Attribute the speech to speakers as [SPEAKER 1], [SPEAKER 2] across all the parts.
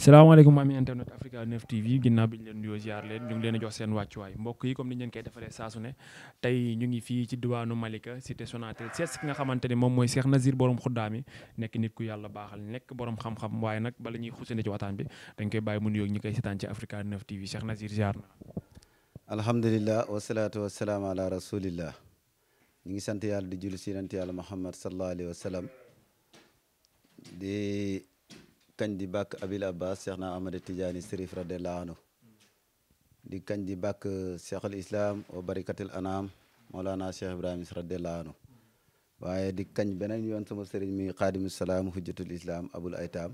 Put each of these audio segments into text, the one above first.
[SPEAKER 1] salaamaaleykum ami internet Africa 9 TV ginnaaw bi leen nuyoo ziar leen ñu ngi leen a jox seen wàccuwaay mbokk yi comme ni ñu leen koy defalee saa ñu ngi fii ci diwaanu Malika cité Sonatel seet ki nga xamante ne moom mooy Cheikh Nazir borom xuddaami nekk nit ku yàlla baaxal nekk borom xam-xam waaye nag bala ñuy xusane ci waxtaan bi dañ koy bàyyi mu nuyoo ñi koy seetaan ci Africa 9 TV Cheikh Nazir ziar na.
[SPEAKER 2] alhamdulilah wasalaatu wasalaam ala rasulillah ñu ngi sant yàlla di julli si yonent yàlla Muhammad sallallahu alayhi wa sallam di. kañ di bàkk abil abbas cheikh na ahmada tijaani sérif radiallahu anhu di kañ di bàkk cheikh al islam wa barikatil anam moolaana cheikh ibrahima radiallahu anhu waaye di kañ beneen yoon sama sëriñ mi xaadimu salaam hujjatul islam abul aytaam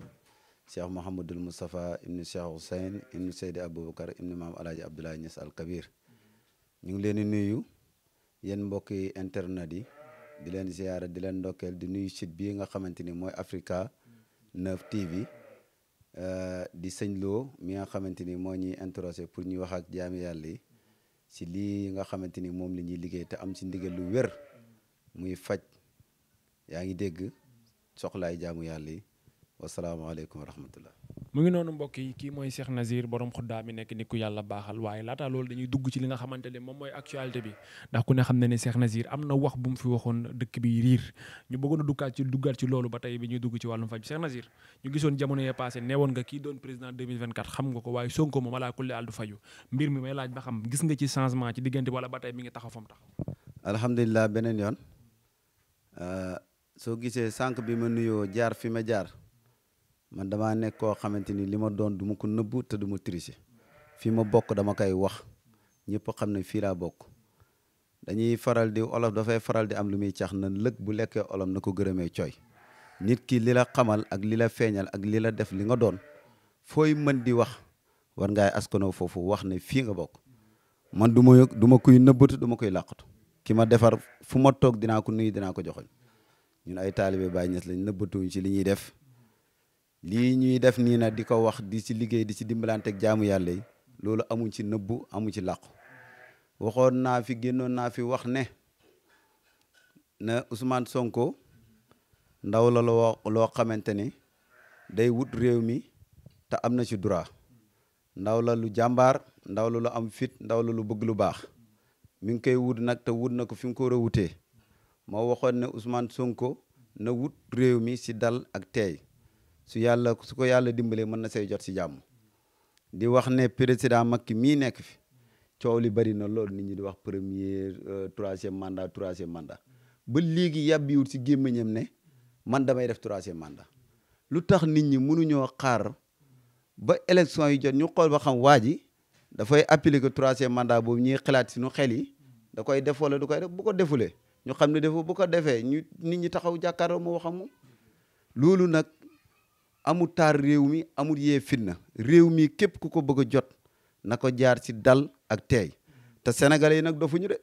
[SPEAKER 2] cheikh mouhamadul moustapha ibnu cheikh husayn ibnu seydi aboubacar ibnu ñas al kabir ñu ngi leen di nuyu yéen mbokki internet yi di leen ziyaara di leen ndokkeel di nuyu site bii nga xamante ni mooy Africa 9 TV Euh, di sëñ loo mi nga xamante ni moo ñuy interrogé pour ñuy wax ak jaami yàlla yi si lii nga xamante ni moom la ñuy liggéey te am si ndigal lu wér muy faj yaa ngi dégg soxlaay jaamu yàlla yi wasalaamaaleykum wa
[SPEAKER 1] mu ngi noonu mbokk yi kii mooy Cheikh Nazir borom xuddaa bi nekk nit ku yàlla baaxal waaye laata loolu dañuy dugg ci li nga xamante ne moom mooy actualité bi ndax ku ne xam ne ne Cheikh Nazir am na wax bu mu fi waxoon dëkk bi riir ñu bëggoon a duggaat ci duggaat ci loolu ba tey bi ñuy dugg ci wàllum faj Cheikh Nazir ñu gisoon jamono yee passé neewoon nga kii doon président 2024 xam nga ko waaye Sonko moom alaa kulli àll du faju mbir mi may laaj ba gis nga ci changement ci diggante wala ba tey mi ngi taxaw fam
[SPEAKER 2] taxaw euh, soo gisee sànq bi ma nuyoo jaar fi ma jaar man damaa nekk koo xamante ni li ma doon du ma ko nëbbu te du ma tricher ma bokk dama koy wax ñëpp xam ne fii laa bokk dañuy faral di olof dafay faral di am lu muy caax na lëg bu lekkee olom na ko gërëmee cooy nit ki li la xamal ak li la feeñal ak li la def li nga doon fooy mën di wax war ngaay askanoo foofu wax ne fii nga bokk man du ma du ma koy nëbbatu du ma koy làqatu ki ma defar fu ma toog dinaa ko nuyu dinaa ko joxoñ ñun ay taalibe ba Ñas lañ nëbbatuñ ci li ñuy def lii ñuy def nii nag di ko wax di ci liggéey di ci dimbalanteeg jaamu yàlla loolu amu ci nëbbu amu ci làqu waxoon naa fi génnoon naa fi wax ne na Ousmane Sonko ndaw la loo loo xamante ni day wut réew mi te am na ci droit ndaw la lu jàmbaar ndaw la lu am fitt ndaw la lu bëgg lu baax mi ngi koy wut nag te wut na ko fi ko war a wutee moo waxoon ne Ousmane Sonko na wut réew mi ci dal ak teey su yàlla su ko yàlla dimbalee mën na say jot si jàmm di wax ne président makk mii nekk fi coow li bari na lool nit ñi di wax premier euh, troisième mandat troisième mandat ba léegi yàbbiwul si gémmiñam ne man damay def troisième mandat lu tax nit ñi mënuñoo xaar ba élection yi jot ñu xool ba xam waa ji dafay appliquer troisième mandat boobu ñuy xalaat si nu xel da koy def wala du koy def bu ko defulee ñu xam ne defu bu ko defee ñu nit ñi taxaw jàkkaarloo moo wax amul taar réew mi amul yee fitna réew mi képp ku ko bëgg a jot na ko jaar si dal ak teey te sénégalais yi nag dofuñu de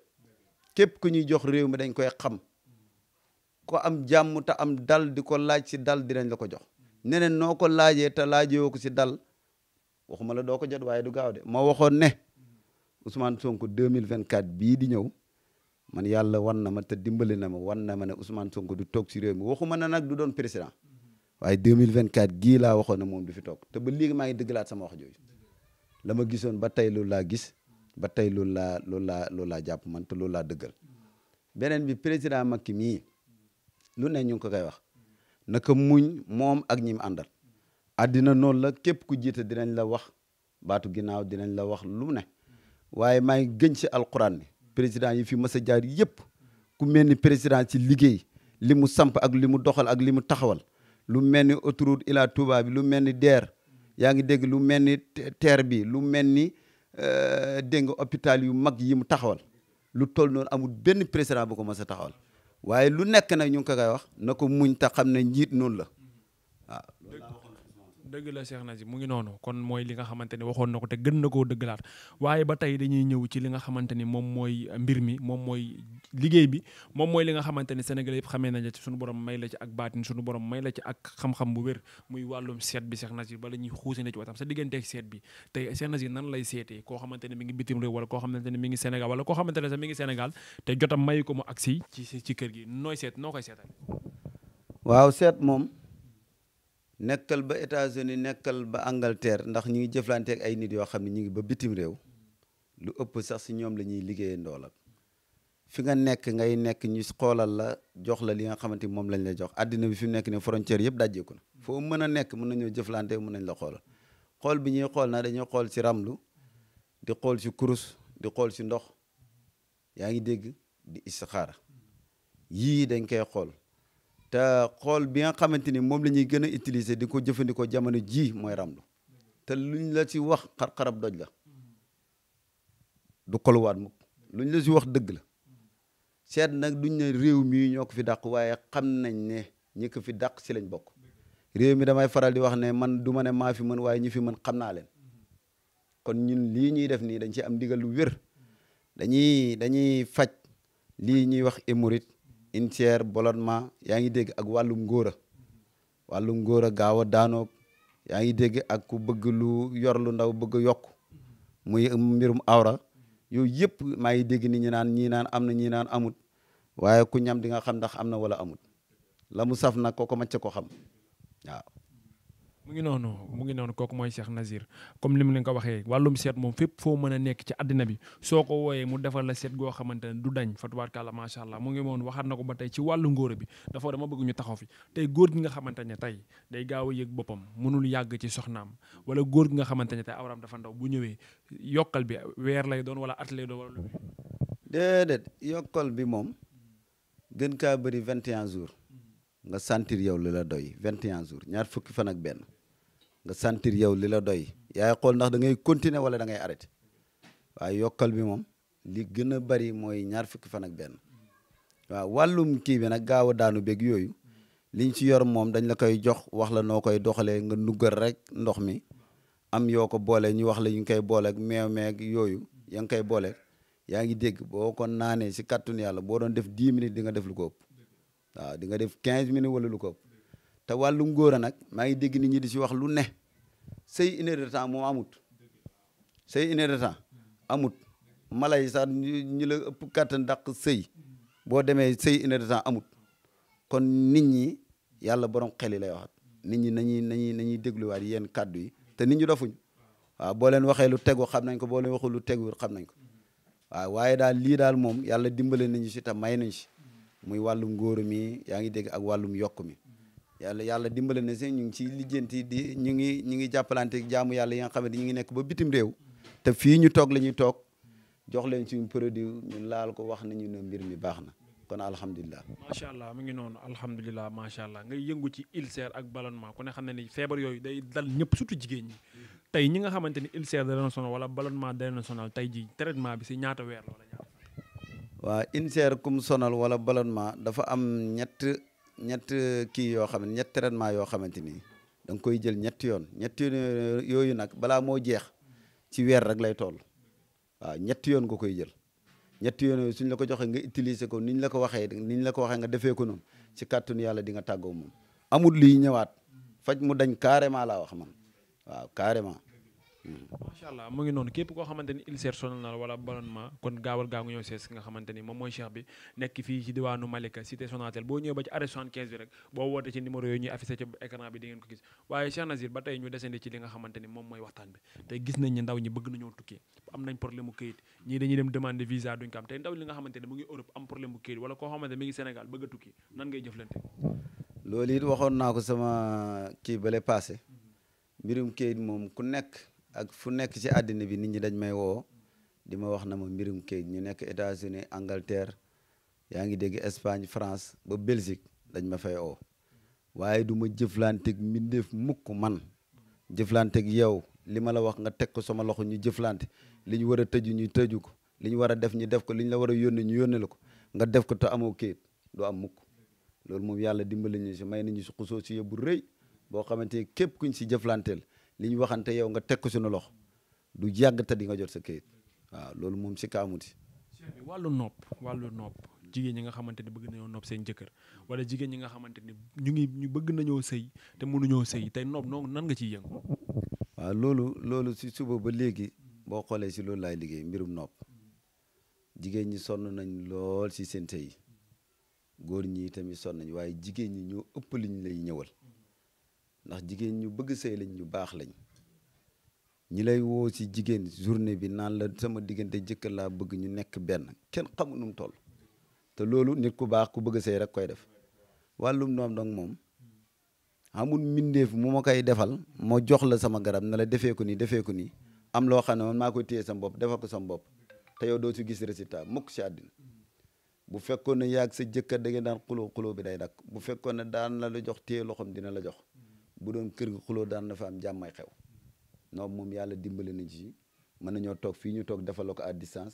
[SPEAKER 2] képp ku ñuy jox réew mi dañ koy xam ko am jàmm te am dal di ko laaj ci dal nañ la ko jox neneen noo ko laajee te woo ko ci dal waxuma la doo ko jot waaye du gaaw de ma waxoon ne Ousmane Sonko 2024 bii di ñëw man yàlla wan na ma te dimbali na ma wan na ma ne Ousmane Sonko di toog si réew mi waxuma na nag du doon président waaye 2024 gii laa waxoon ne moom du fi toog te ba léegi maa ngi dëggalaat sama wax jooju la ma gisoon ba tey loolu laa gis ba tey loolu laa loolu laa loolu laa jàpp man te loolu laa dëggal beneen bi président Macky mii lu ne ñu ngi ko koy wax naka muñ moom ak ñi mu àndal. àddina noonu la képp ku jiite dinañ la wax baatu ginnaaw dinañ la wax lu ne waaye maa ngi gën ci alquran bi président yi fi mas a jaar yëpp ku mel ni président ci liggéey li mu samp ak li mu doxal ak li mu taxawal. lu mel ni autoroute Ila Touba lu mel ni DER yaa ngi dégg lu mel ni TER bi lu mel ni euh, dégg nga hôpital yu mag yi mu taxawal lu toll noonu amul benn président bu ko mës a taxawal waaye lu nekk nag ñu ngi ko koy wax na ko muñ te xam ne njiit noonu la
[SPEAKER 1] dëgg la Cheikh Nazim mu ngi noonu kon mooy li nga xamante waxoon na ko te gën na koo dëggalaat waaye ba tey dañuy ñëw ci li nga xamante ni moom mooy mbir mi moom mooy liggéey bi moom mooy li nga xamante ni Sénégal yëpp xamee nañ la ci may la ci ak baatin suñu borom may xam-xam bu muy wàllum seet bi Cheikh Nazim bala ñuy xuusi na ci waxtaan sa digganteeg seet bi tey Cheikh Nazim lay seetee koo xamante ne mi ngi bitim réew wala koo xamante ne mi ngi Sénégal wala koo xamante ne sax mi ngi Sénégal te jotam may ko mu agsi ci ci kër gi nooy seet noo koy seetal
[SPEAKER 2] waaw seet moom nekkal ba États-Unis nekkal ba Angleterre ndax ñu ngi jëflanteek ay nit yoo xam ne ñu ngi ba bitim réew lu ëpp sax si ñoom la ñuy liggéeyee ndoolal fi nga nekk ngay nekk ñu xoolal la jox la li nga xamante moom lañ la jox àddina bi fi nekk ne frontière yëpp dajjeeku na foo mën a nekk mën nañoo jëflante mën nañ la xoolal xool bi ñuy xool na dañoo xool si ramlu di xool si kurus di xool si ndox yaa ngi dégg di istixaara yii dañ koy xool te xool bi nga xamante ni moom la ñuy gën a utiliser di ko jëfandikoo jamono jii mooy ramlu te luñ la ci wax xar-xarab doj la du koluwaat mukk luñ la si wax dëgg la seet nag duñ ne réew mi ñoo ko fi dàq waaye xam nañ ne ñi ko fi dàq ci lañ bokk réew mi damay faral di wax ne man du ma ne maa fi mën waaye ñi fi mën xam naa leen kon ñun lii ñuy def nii dañ ci am ndigal lu wér dañuy dañuy faj lii ñuy wax émorite intière ballonnement yaa ngi dégg ak wàllum ngóor a wàllum ngóor a gaaw a daanoog yaa ngi dégg ak ku bëgg lu yor lu ndaw bëgg a mu muy mbirum awra yooyu yëpp maa ngi dégg ni ñi naan ñii naan am na ñii naan amut waaye ku ñam di nga xam ndax am na wala amut la mu saf nag kooku macc ko xam waaw
[SPEAKER 1] mu ngi noonu mu ngi noonu kooku mooy Cheikh Nazir comme ni mu leen ko waxee wàllum seet moom fépp foo mën a nekk ci àddina bi soo ko wooyee mu defal la seet goo xamante ne du dañ fatuwaat kàlla macha allah mu ngi moon waxaat na ko ba tey ci wàllu ngóor bi dafa dama bëgg ñu taxaw fi tey góor gi nga xamante ne tey day gaaw a yëg boppam mënul yàgg ci soxnaam wala góor gi nga xamante ne tey awraam dafa ndaw bu ñëwee yokkal bi weer lay doon wala at lay doon wala lu
[SPEAKER 2] déedéet yokkal bi moom gën kaa bëri 21 jours nga sentir yow li la doy 21 jours ñaar fukki fan ak benn nga sentir yow li la doy yaay xool ndax da ngay continuer wala dangay ngay arrêté yokkal bi moom li gën a bari mooy ñaar fukki fan ak benn waaw wàllum kii bi nag gaaw daanu beeg yooyu liñ ci yor moom dañ la koy jox wax la noo koy doxalee nga nuggal rek ndox mi am yoo ko boole ñu wax la ñu ngi koy booleeg meew meeg yooyu yaa ngi koy booleeg yaa ngi dégg boo ko naanee si kàttun yàlla boo doon def 10 minutes di nga def lu ko waaw di nga def 15 minutes wala lu ko te wàllu ngóor nag maa ngi dégg nit ñi di si wax lu ne sëy une heure de moom amut sëy une heure de amut mala yi sax ñu la ëpp kàttan dàq sëy boo demee sëy une amut kon nit ñi yàlla borom xel yi lay waxat nit ñi nañuy nañuy nañuy dégluwaat yenn kàddu yi te nit ñi dofuñ waaw boo leen waxee lu tegu xam nañ ko boo waxul lu tegu xam nañ ko waaw waaye daal lii daal moom yàlla dimbale nañu si te may nañ si muy wàllum ngóoru mi yaa ngi dégg ak wàllum yokk mi yàlla yàlla dimbale na seen ñu ngi ci lijjanti di ñu ngi ñu ngi jàppalante jaamu yàlla yi nga xam ñu ngi nekk ba bitim réew te ñu toog la ñuy toog jox leen suñu produit ñu laal ko wax nañu ne mbir mi baax na kon alhamdulilah macha
[SPEAKER 1] allah mu ngi noonu alhamdulilah macha allah ngay yëngu ci ulcère ak ballonnement ku ne xam ne ni feebar yooyu day dal ñëpp surtout jigéen ñi tey ñi nga xamante ni ulcère da leen wala ballonnement da leen sonal tey bi si ñaata weer la
[SPEAKER 2] waa INSER kum sonal wala ballonnement dafa am ñett ñett kii yoo xam ne ñett traitement yoo xamante ni da nga koy jël ñetti yoon ñetti yooyu nag balaa moo jeex ci weer rek lay tool waaw ñetti yoon nga koy jël ñetti yoon yooyu suñ la ko joxee nga utiliser ko ni ñu la ko waxee ni ñu la ko waxee nga defee ko noonu ci kàttanu yàlla di nga tàggoo moom amul luy ñëwaat faj mu dañ carrément laa wax man waaw carrément macha
[SPEAKER 1] mu ngi noonu képp koo xamante ni ulcère sonal na la wala kon gaawal gaa nga ñëw sees nga xamante moom mooy cheikh bi nekk fii ci diwaanu Malika cité Sonatel boo ñëwee ba ci arrêt 75 bi rek boo woote ci numéro yooyu ñuy affiché ci écran bi di ngeen ko gis waaye Cheikh Nazir ba tey ñu desandi ci li nga xamante moom mooy waxtaan bi tey gis nañ ndaw ñi bëgg nañoo tukki am nañ problème mu këyit ñii dañuy dem demander
[SPEAKER 2] ak fu nekk si àddina bi nit ñi dañ may woo di ma wax na ma mbirum kayit ñu nekk États-Unis Angleterre yaa ngi dégg Espagne France ba Belgique dañ ma fay oo waaye du ma jëflanteeg mbindeef mukk man jëflanteeg yow li ma la wax nga teg ko sama loxo ñu jëflante li ñu war a tëju ñu tëju ko li ñu war a def ñu def ko li la war a yónnee ñu yónnee la ko nga def ko te amoo kayit du am mukk loolu moom yàlla dimbali ñu si may nañu si xusoo si yóbbu rëy boo xamante képp kuñ si jëflanteel li ñu waxante yow nga teg ko suñu loxo du yàgg te di nga jot sa kayit waaw loolu moom si kaamuti
[SPEAKER 1] wàllu nopp wàllu nopp jigéen ñi nga xamante ni bëgg nañoo nopp seen jëkkër wala jigéen ñi nga xamante ni ñu ngi ñu bëgg nañoo sëy te mënuñoo sëy tey nopp noonu nan nga ciy
[SPEAKER 2] yëngu. waa loolu loolu si suba ba léegi boo xoolee si loolu laay liggéey mbirum nopp jigéen ñi sonn nañ lool si seen sëy góor ñi tamit sonn nañ waaye jigéen ñi ñoo ëpp liñ lay ñëwal ndax jigéen ñu bëgg sëy lañ ñu baax lañ ñi lay woo ci jigéen journée bi naan la sama diggante jëkkër laa bëgg ñu nekk benn kenn xamu nu toll te loolu nit ku baax ku bëgg sëy rek koy def wàllum doom dong moom amul mbindeef mu ma koy defal ma jox la sama garab na la defee ko nii defee ko nii am loo xam ne man maa koy téye sam bopp defal ko sam bopp te yow doo ci gis résultat mukk ci àddina bu fekkoon na yaag sa jëkkër da ngeen daan xuloo xuloo bi day dakk bu fekkoon ne daan la la jox téye loxoom dina la jox bu doon kër gi xuloo daan na fa am jàmmay xew non moom yàlla dimbale nañ ci mën nañoo toog fii ñu toog defaloo ko à distance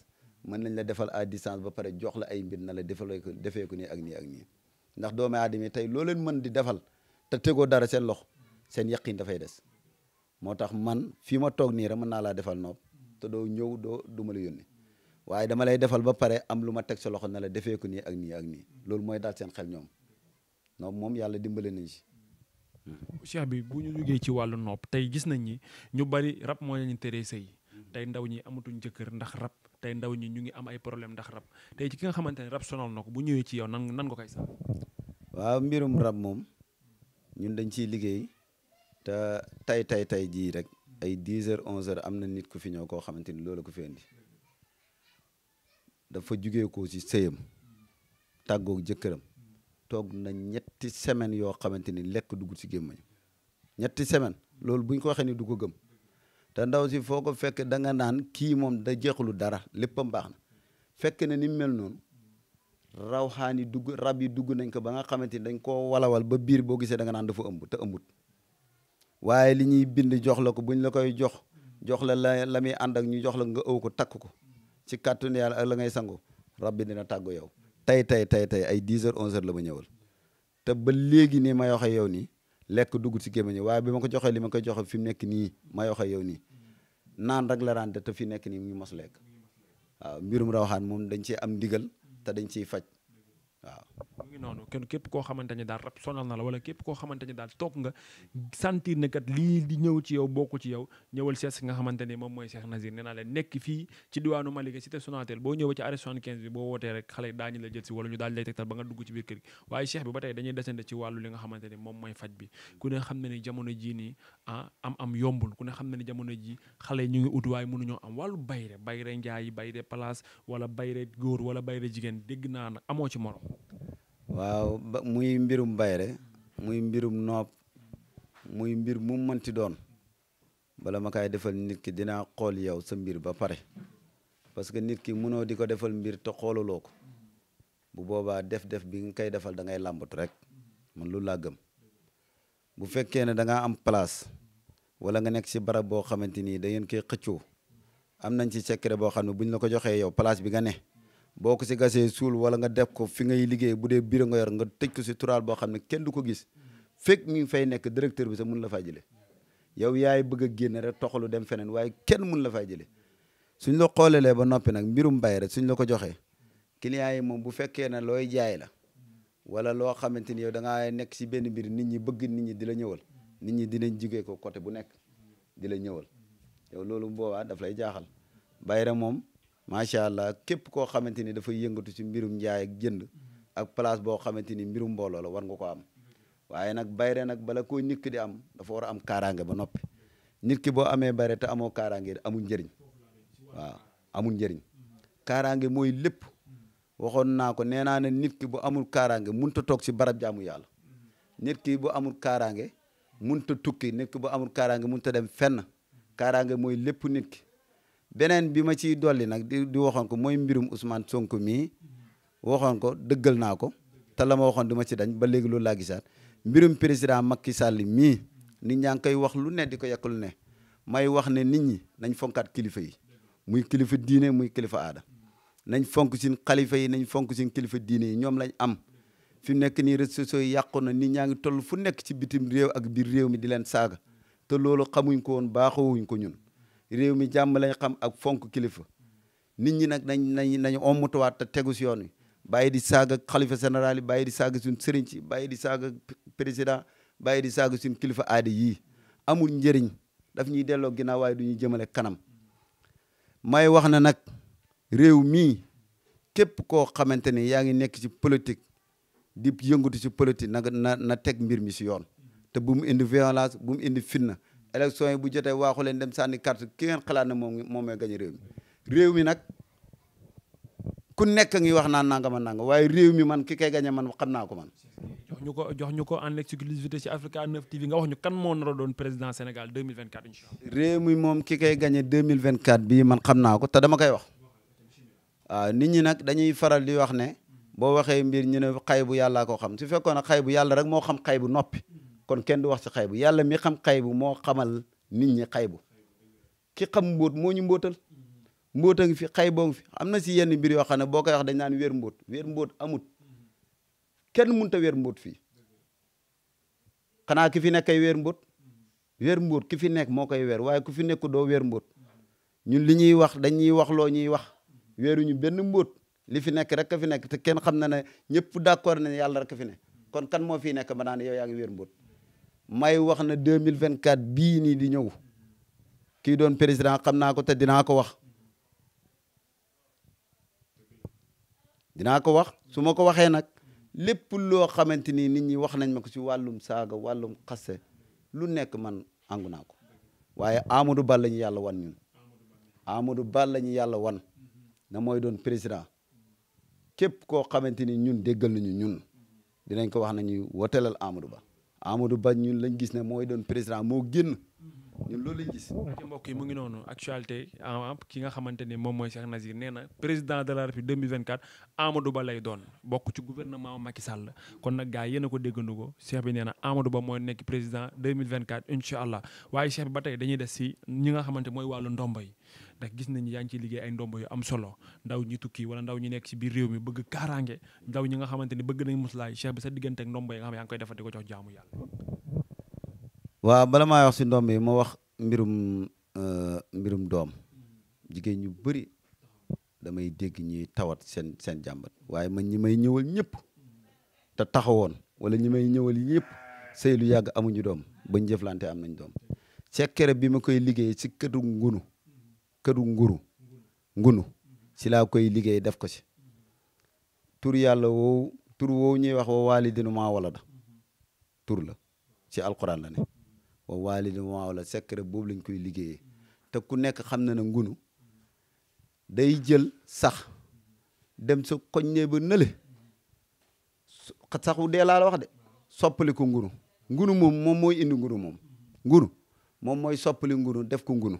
[SPEAKER 2] mën nañ la defal à distance ba pare jox la ay mbir na la defaloo ko defee nii ak nii ak nii ndax doomu aadama tey loo leen mën di defal te tegoo dara seen lox seen yaqin dafay des moo tax man fii ma toog nii rek mën naa laa defal noob te doo ñëw doo du ma la yónnee waaye dama lay defal ba pare am lu ma teg sa loxo na defee ko nii ak nii ak nii loolu mooy daal seen xel ñoom non moom yàlla dimbale nañ ci
[SPEAKER 1] cheikh bi bu ñu jógee ci wàllu nopp tey gis nañ ni ñu bari rab moo leen teree sëy mm-hmm. tey ndaw ñi amatuñ jëkkër ndax rab tey ndaw ñi ñu ngi am ay problème ndax rab tey ci ki nga xamante ne rab sonal na ko bu ñëwee ci yow nan nan nga koy sax
[SPEAKER 2] waaw mbirum rab moom ñun dañ ciy liggéey te tay tay tay jii rek ay 10 heures 11 heures am na nit ku fi ñëw koo xamante ni loolu ko fi dafa jugee ko ci sëyam tàggook jëkkëram toog na ñetti semaine yoo xamante ni lekk dugg ci gémmañu ñetti semaine loolu bu ñu ko waxee ni du gëm te ndaw si foo fekk da nga naan kii moom da jeexalu dara lépp a mbaax na fekk na ni mel noonu rawxaan yi dugg rab yi dugg nañ ko ba nga xamante ni dañ koo walawal ba biir boo gisee danga naan dafa ëmb te ëmbut waaye li ñuy bind jox la ko buñ la koy jox jox la la la ànd ak ñu jox la nga ëw ko takk ko ci kàttanu yàlla ak la ngay sangoo rab bi dina tàggu yow tey tey tey tey ay 10 heures 11 heures la ma ñëwal te ba léegi nii may waxee yow nii lekk dugg ci gémmiñ waaye bi ma ko joxee li ma koy joxe fi mu nekk nii may waxee yow nii naan rek la daan te fi nekk nii ñu mos lekk waaw mbirum rawaxaan moom dañ ciy am ndigal te dañ ciy faj.
[SPEAKER 1] waaw mu ngi noonu kenn képp koo xamante ne daal rab sonal na la wala képp koo xamante ne daal toog nga sentir ne kat lii di ñëw ci yow bokk ci yow ñëwal sees nga xamante ne moom mooy Cheikh Nazir nee naa leen nekk fii ci diwaanu Malika cité Sonatel boo ñëwee ci arrêt 75 bi boo wootee rek xale daañu la jël si wala ñu daal lay tegtal ba nga dugg ci biir kër waaye Cheikh bi ba tey dañuy desante ci wàllu li nga xamante ne moom mooy faj xam ne ni jamono ji nii ah, am yombul ku ne xam ne jamono ji xale ñu ngi ut waaye mënuñoo am wàllu bayre bayre njaay bayre place wala bayre góor wala bayre jigéen dégg naa nag amoo ci morom
[SPEAKER 2] waaw muy mbirum bayre muy mbirum noob muy mbir mu mënti doon bala ma kaay defal nit ki dinaa xool yow sa mbir ba pare parce que nit ki mënoo di ko defal mbir te xoolaloo ko bu boobaa def-def bi nga koy defal dangay ngay làmbatu rek man lu laa gëm bu fekkee ne da am place walla nga nekk si barab boo xamante ni da ngeen koy xëccoo am nañ ci secret boo xam ne buñ la ko joxee yow place bi nga ne boo ko si gasee suul wala nga def ko fi ngay liggéey bu dee bureau nga yor nga tëj ko si turaal boo xam ne kenn du ko gis fekk mi ngi fay nekk directeur bi sax mun la faa jële yow yaay bëgg a génne rek toxalu dem feneen waaye kenn mun la faa jëlee suñ la xoolelee ba noppi nag mbirum bay rek suñ la ko joxee client yi moom bu fekkee ne looy jaay la wala loo xamante ni yow da ngaa nekk si benn mbir nit ñi bëgg nit ñi di la ñëwal nit ñi dinañ jigee ko côté bu nekk di la ñëwal yow loolu boobaa daf lay jaaxal bayra moom macha allah képp koo xamante ni dafay yëngatu ci mbirum njaay ak jënd ak place boo xamante ni mbirum mbooloo la war nga ko am waaye nag bayre nag bala ko nit di am dafa war a am kaaraange ba noppi nit ki boo amee bayre te amoo kaaraange amul njëriñ waaw amul njëriñ kaaraange mooy lépp waxoon naa ko nee naa ne nit ki bu amul kaaraange mënut toog si barab jaamu yàlla nit ki bu amul kaaraange mënut tukki nit bo bu amul kaaraange mënut a dem fenn kaaraange mooy lépp nit ki. beneen bi ma ciy dolli nag di di waxoon ko mooy mbirum Ousmane Sonko mii waxoon ko dëggal naa ko te la ma waxoon du ma ci dañ ba léegi loolu laa gisaat mbirum président Macky Sall mii nit ñaa ngi koy wax lu ne di ko yekk lu ne may wax ne nit ñi nañ fonkaat kilifa yi muy kilifa diine muy kilifa aada nañ fonk sin xalifa yi nañ fonk sin kilifa diine yi ñoom lañ am fi nekk nii réseaux sociaux yi yàqu na nit ñaa ngi toll fu nekk ci bitim réew ak biir réew mi di leen saaga te loolu xamuñ ko woon baaxoowuñ ko ñun réew mi jàmm lañ xam ak fonk kilifa nit ñi nag nañ nañ nañu ommatuwaat te tegu si yoon wi bàyyi di saaga xalifa général yi bàyyi di saaga suñ sëriñ si bàyyi di saaga président bàyyi di saaga suñ kilifa aada yi amul njëriñ daf ñuy delloo ginnaaw waaye du ñu jëmale kanam may wax na nag réew mii képp koo xamante ni yaa ngi nekk ci politique di yëngatu ci politique na na teg mbir mi si yoon te bu indi violence bu mu indi fitna élection yi bu jotee waaxu leen dem sànni carte ki ngeen xalaat ne moom moom mooy gañ réew mi nag ku nekk ngi wax naa nanga ma nanga waaye réew mi man ki koy gañe man xam naa ko man
[SPEAKER 1] ñu ko jox ñu ko en exclusivité ci Africa 9 TV nga wax ñu kan moo a doon président Sénégal 2024 incha
[SPEAKER 2] allah réew mi moom ki koy man xam naa ko te dama koy wax waaw nit ñi nag dañuy faral di wax ne boo waxee mbir ñu ne xay bu yàllaa koo xam su fekkoon ne xay bu yàlla rek moo xam xay bu nopp kon kenn du wax ci xaybu yàlla mi xam xaybu moo xamal nit ñi xaybu ki xam mbóot moo ñu mbóotal mbóota fi xayboo ngi fi am na si yenn mbir yoo xam ne boo koy wax dañ naan wér mbóot wér amut kenn mënut a wér mbóot fii xanaa ki fi nekk ay weer mbóot wér mbóot ki fi nekk moo koy weer waaye ku fi nekku doo wér mbóot ñun li ñuy wax dañuy wax loo ñuy wax wéeruñu benn mboot li fi nekk rek ka fi nekk te kenn xam na ne ñëpp d'accord nañ yàlla rek fi ne kon kan moo fi nekk ba naan yow yaa ngi wér mbóot may wax na 2024 bii nii di ñëw kii doon président xam naa ko te dinaa ko wax dinaa ko wax su ma ko waxee nag lépp loo xamante ni nit ñi wax nañ ma ko ci wàllum saaga wàllum xase lu nekk man angu naa ko waaye Amadou Ba la ñu yàlla wan ñun Amadou yàlla wan na mooy doon président képp koo xamante ni ñun déggal nañu ñun dinañ ko wax nañuy wotelal Amadou Ba Amadou Ba ñun lañ gis ne mooy doon président moo génn
[SPEAKER 1] ñun loolu lañ gis. ok mbokk yi mu ngi noonu actualité ah, ki nga xamante ni moom mooy Cheikh Nazir nee na président de la République 2024 Amadou Ba lay doon bokk ci gouvernement Macky Sall kon nag gars yéen a ko déggandu ko bi nee na Amadou Ba mooy nekk président 2024 incha allah waaye Cheikh bi ba tey dañuy des si ñi nga xamante mooy wàllu ndomba ndax gis nañu yaa ngi ciy liggéey ay ndombo yu am solo ndaw ñi tukki wala ndaw ñi nekk ci biir réew mi bëgg kaaraange ndaw ñi nga xamante ni bëgg nañ muslaay cheikh bi sa diggante ak ndombo yi nga xam ko jox jaamu yàlla
[SPEAKER 2] waaw bala maa wax si ndomb yi ma wax mbirum euh, mbirum doom jigéen ñu bari damay dégg ñuy tawat seen seen jàmbat waaye man ñi may ñëwal ñëpp te taxawoon walla ñi may ñëwal ñëpp sëy lu yàgg amuñu doom bañ jëflante am nañ doom sekkere bi ma koy liggéey si këtu ngunu këru nguru ngunu si laa koy liggéey def ko si tur yàlla woowu tur woowu ñuy wax wa waalidinu maa wala da tur la ci alquran la ne wa waalidinu maa wala secret boobu lañ koy liggéey te ku nekk xam na ne ngunu day jël sax dem sa koññee ba nële saxu dee laa la wax de soppali ko ngunu ngunu moom moom mooy indi ngunu moom ngunu moom mooy soppali ngunu def ko ngunu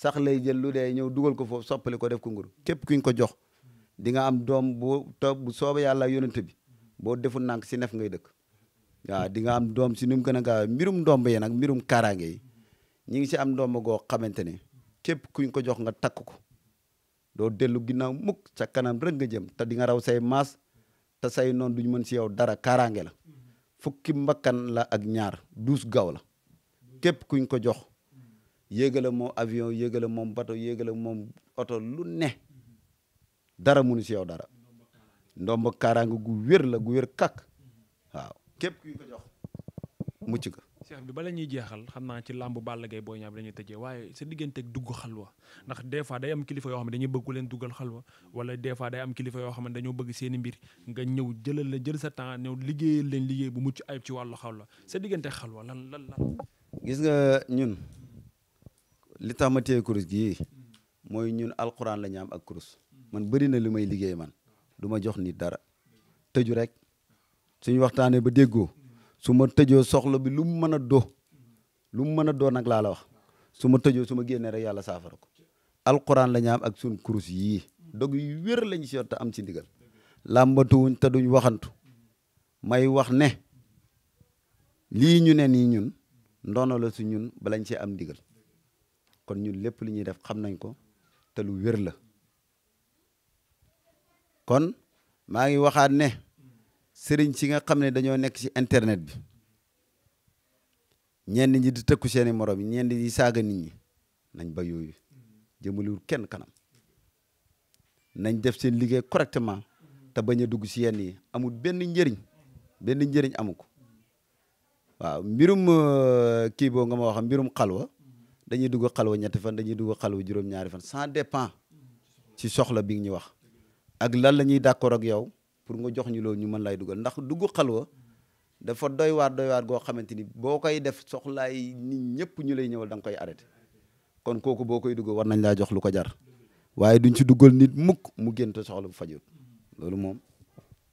[SPEAKER 2] sax lay jël lu dee ñëw dugal ko foofu soppali ko def ko nguru képp kuñ ko jox di nga am doom boo toog bu soobee yàlla yonent bi boo deful nànk si nef ngay dëkk waaw di nga am doom si nu mu gën mbirum ndomb yi nag mbirum kaaraange yi ñi ngi si am ndomb goo xamante ne képp kuñ ko jox nga takk ko doo dellu ginnaaw muk ca kanam rek nga jëm te di nga raw say maas te say noonu duñu mën si yow dara kaaraange la fukki mbakkan la ak ñaar duus gaaw la kuñ ko jox yéegala moom avion yéegala moom bateau yéegala moom oto lu ne dara munu si yow dara ndomb kaaraange gu wér la gu wér kak waaw
[SPEAKER 1] képp kuy ko jox mucc nga. Cheikh bi bala ñuy jeexal xam naa ci làmb Balla Gaye Boy Niang bi dañuy tëjee waaye sa digganteeg dugg xalwa ndax des fois day am kilifa yoo xam ne dañuy bëgg ku leen duggal xalwa wala des fois day am kilifa yoo xam ne dañoo bëgg seeni mbir nga ñëw jëlal la jël sa temps ñëw liggéeyal leen liggéey bu mucc ayib ci wàllu xalwa sa digganteeg xalwa lan lan lan.
[SPEAKER 2] gis nga ñun. li tax ma téye kurus gii mooy ñun alxuraan la ñu am ak kurus man bari na lu may liggéey man du ma jox nit dara tëju rek suñu waxtaanee ba déggoo su ma tëjoo soxla bi lu mu mën a do lu mën a doo nag laa wax su ma tëjoo su ma génnee rek yàlla saafara ko alxuraan la ñu am ak suñ kurus yii dog yu wér lañ si yor te am ci ndigal làmbatuwuñ te duñ waxantu may wax ne lii ñu ne nii ñun ndono la su ñun balañ see am ndigal kon ñun lépp lu ñuy def xam nañ ko te lu wér la kon maa ngi waxaat ne sëriñ si nga xam ne dañoo nekk ci internet bi ñenn ñi di tëkku seeni morom yi ñenn ñi saaga nit ñi nañ ba yooyu jëmaliwul kenn kanam nañ def seen liggéey correctement te bañ a dugg ci yenn yi amul benn njëriñ benn njëriñ amu ko waaw mbirum euh, kii boo nga mbirum xalwa dañuy dugg xalwa ñetti fan dañuy dugg xalwa juróom-ñaari fan ça dépend ci soxla bi ñu wax ak lan la ñuy d'accord ak yow pour nga jox ñu loolu ñu mën lay dugal ndax dugg xalwa dafa doy waar goo xamante ni boo koy def soxlaay nit ñëpp ñu lay ñëwal da nga koy arrêté kon kooku boo koy dugg war nañ laa jox lu ko jar waaye duñ ci duggal nit mukk mu génn te soxla bu fajut loolu moom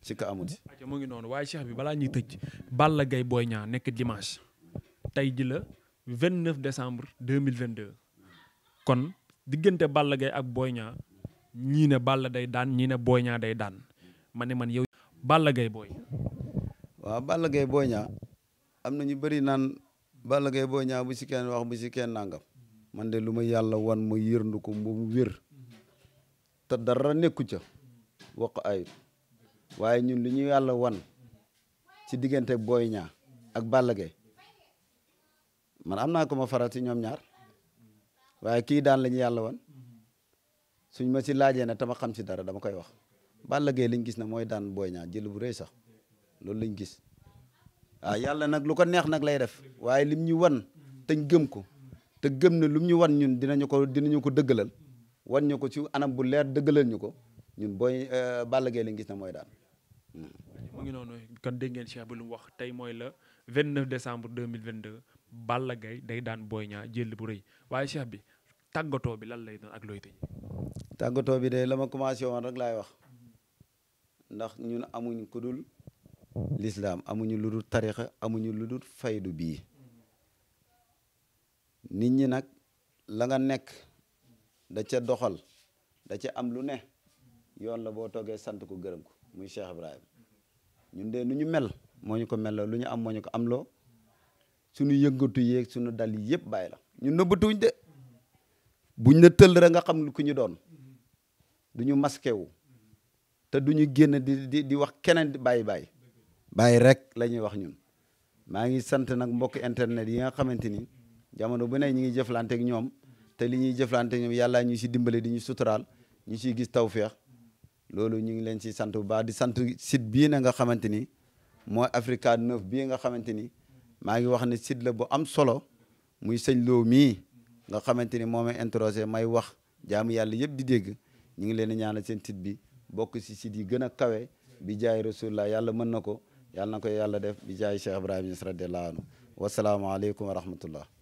[SPEAKER 2] si ka amul si. mu ngi noonu waaye Cheikh bi balaa
[SPEAKER 1] ñuy tëj Balla Gaye booy Niang nekk dimanche tey ji 29 décembre 2022 kon diggante Balla Gaye ak Boy Niang ñii ne Balla day daan ñii ne Boy Niang day daan ma ne man yow. Balla Gaye Boy.
[SPEAKER 2] waaw Balla Gaye Boy Niang am na ñu bëri naan Balla Gaye Boy Niang bu si kenn wax bu si kenn nangam man de lu ma yàlla wan ma yërndu ko mu wér te dara nekku ca wax ay waaye ñun lu ñu yàlla wan ci diggante Boy Niang ak Balla Gaye man am naa ko ma faral si ñoom ñaar waaye kii daan la yàlla woon suñ ma si laajee ne tama xam si dara dama koy wax Balla Gaye liñ gis na mooy daan booy ñaar jël bu rëy sax loolu lañ gis waaw yàlla nag lu ko neex nag lay def waaye lim ñu wan teñ gëm ko te gëm ne lum ñu wan ñun dinañu ko dinañu ko dëggalal wan ñu ko ci anam bu leer dëggalal ñu ko ñun booy euh, Balla Gaye lañ gis na mooy daan
[SPEAKER 1] ngi noonu kon dégg ngeen lu wax tey mooy la 29 décembre 2022 Balla Gaye day daan Boy ñaa jël bu rëy waaye Cheikh bi tàggatoo bi lan lay doon ak looy tëj.
[SPEAKER 2] tàggatoo bi de la ma commencé woon rek laay wax ndax ñun amuñ ku dul lislaam amuñu lu dul tarixa amuñu lu dul faydu bii nit ñi nag la nga nekk da ca doxal da ca am lu ne yoon la boo toogee sant ko gërëm ko muy Cheikh bi ñun de nu ñu mel moo ñu ko mel lu ñu am moo ñu ko am loo suñu yëngatu yeeg suñu dal yëpp bàyyi la ñu nëbbatuñ de buñ la tëll rek nga xam ku ñu doon du ñu masqué wu te du ñu génn di di di wax keneen di bàyyi bàyyi bàyyi rek la ñuy wax ñun maa ngi sant nag mbokk internet yi nga xamante ni jamono bu ne ñu ngi jëflante ak ñoom te li ñuy jëflante ñoom yàlla ñu si dimbale di ñu suturaal ñu siy gis taw tawféex loolu ñu ngi leen siy sant bu baax di sant site bii na nga xamante ni mooy Africa 9 bii nga xamante ni. maa ngi wax ne site la bu am solo muy sëñ Lo mii nga xamante ni moo may interrogé may wax jaamu yàlla yëpp di dégg ñu ngi leen di seen site bi bokk si site yi gën a kawe bi jaay rasulullah yàlla mën na ko yàlla na ko yàlla def bi jaay Cheikh Ibrahima Niass radiyallahu anhu wasalaamaaleykum wa rahmatullah